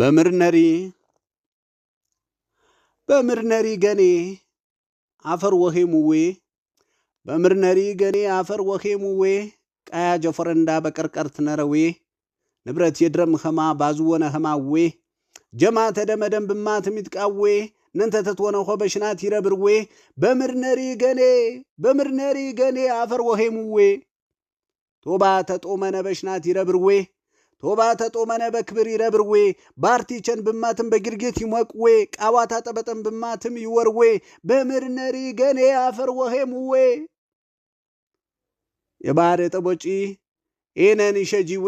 በምርነሪ በምርነሪ ገኔ አፈር ወሄ ሙዌ በምርነሪ ገኔ አፈር ወሄ ሙዌ ቀያ ጀፈረንዳ በቀርቀርት ነረዌ ንብረት የድረም ኸማ ባዝወነ ኸማዌ ጀማ ተደመደም ብማ ትሚትቃዌ ነንተ ተትወነ በሽናት ይረብርዌ በምርነሪ ገኔ በምርነሪ ገኔ አፈር ወሄ ሙዌ ቶባ ተጦመነ በሽናት ይረብርዌ ቶባ ተጦመነ በክብር ይረብርዌ ባርቲቸን ብማትም በግርጌት ይሞቅዌ ቃዋታ ጠበጠን ብማትም ይወርዌ በምርነሪ ገኔ አፈር ወሄምዌ የባህር ጠቦጪ ኤነን ይሸጂዌ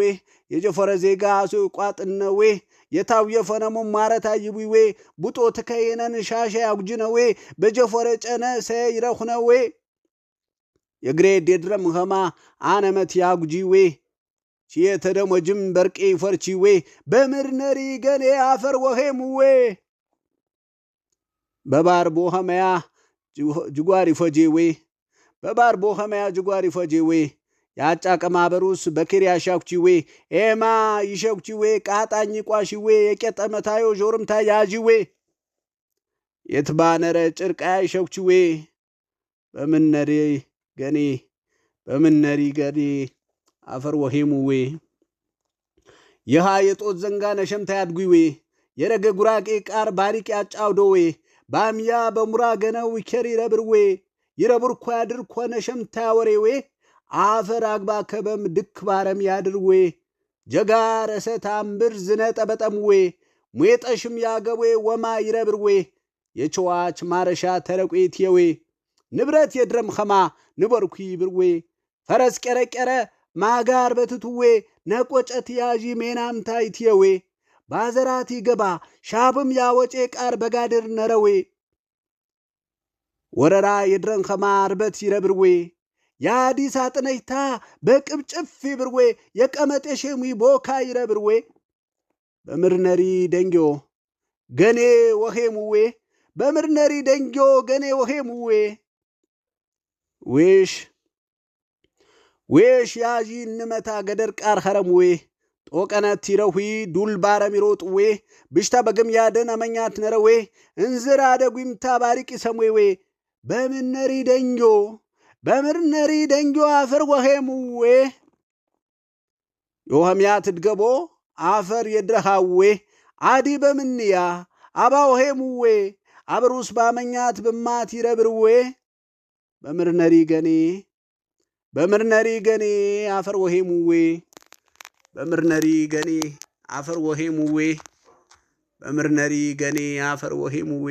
የጀፈረ ዜጋ አሶ ቋጥነዌ የታው የፈነሙ ማረታ ይዊዌ ቡጦ ትከየነን ሻሸ ያጉጅነዌ በጀፈረ ጨነ ሰይረኹነዌ የግሬ ዴድረም ኸማ አነመት ያጉጂዌ ሲየተ ደሞ ሺየተደሞ ጅንበርቄ ፈርቺዌ በምርነሪ ገኔ አፈር ወሄም ወኼምዌ በባር ቦኸመያ ጅጓሪ ፎጄዌ በባር ቦኸመያ ጅጓሪ ፎጄዌ የአጫ ቀማበሩስ በኪሪያ ሻኩቺዌ ኤማ ይሸኩቺዌ ቃጣኝ ቋሽዌ የቄጠመታዮ ዦርምታ ያዥዌ የትባነረ ጭርቃያ ይሸኩቺዌ በምነሪ ገኔ በምነሪ ገኔ አፈር ወኼሙዌ የሃ የጦት ዘንጋ ነሸምታ ዌ የረገ ጉራቄ ቃር ባሪቅ ያጫውዶዌ ባምያ በሙራ ገነው ኬር ይረብርዌ ይረብር ኳ ያድር ኳ ነሸምታ ወሬዌ አፈር አግባ ከበም ድክ ባረም ያድርዌ ጀጋ ረሰ ታምብር ዝነ ጠበጠምዌ ሙየጠሽም ያገዌ ወማ ይረብርዌ የቸዋች ማረሻ ተረቄትየዌ ንብረት የድረም ኸማ ንበርኩ ይብርዌ ፈረስ ቄረቄረ ማጋር በትትዌ ነቆጨት ያዢ ሜናም ታይትየዌ ባዘራት ይገባ ሻብም ያወጬ ቃር በጋድር ነረዌ ወረራ የድረን ርበት ይረብርዌ የአዲስ አጥነይታ በቅብጭፍ ይብርዌ የቀመጤ ሼሚ ቦካ ይረብርዌ በምርነሪ ደንጊዮ ገኔ ወኼሙዌ በምርነሪ ደንጊዮ ገኔ ወኼሙዌ ዌሽ ዌሽያዢ እንመታ ገደር ቃር ኸረም ዌ ጦቀነ ቲረዊ ዱል ባረም ይሮጥ ዌ ብሽታ በገም ያደን አመኛት ነረ ዌ እንዝር አደጉምታ ባሪቅ ይሰም ዌ በምነሪ ደንጆ በምርነሪ ደንጆ አፈር ወኼሙ ዌ ዮሐምያ ትድገቦ አፈር የድረሃዌ አዲ በምንያ አባ ወኼሙዌ አብሩስ ባመኛት ብማት ይረብርዌ በምርነሪ ገኔ በምርነሪ ገኔ አፈር ወሄ ሙዌ በምርነሪ ገኔ አፈር ወሄ ሙዌ በምርነሪ ገኔ አፈር ወሄ ሙዌ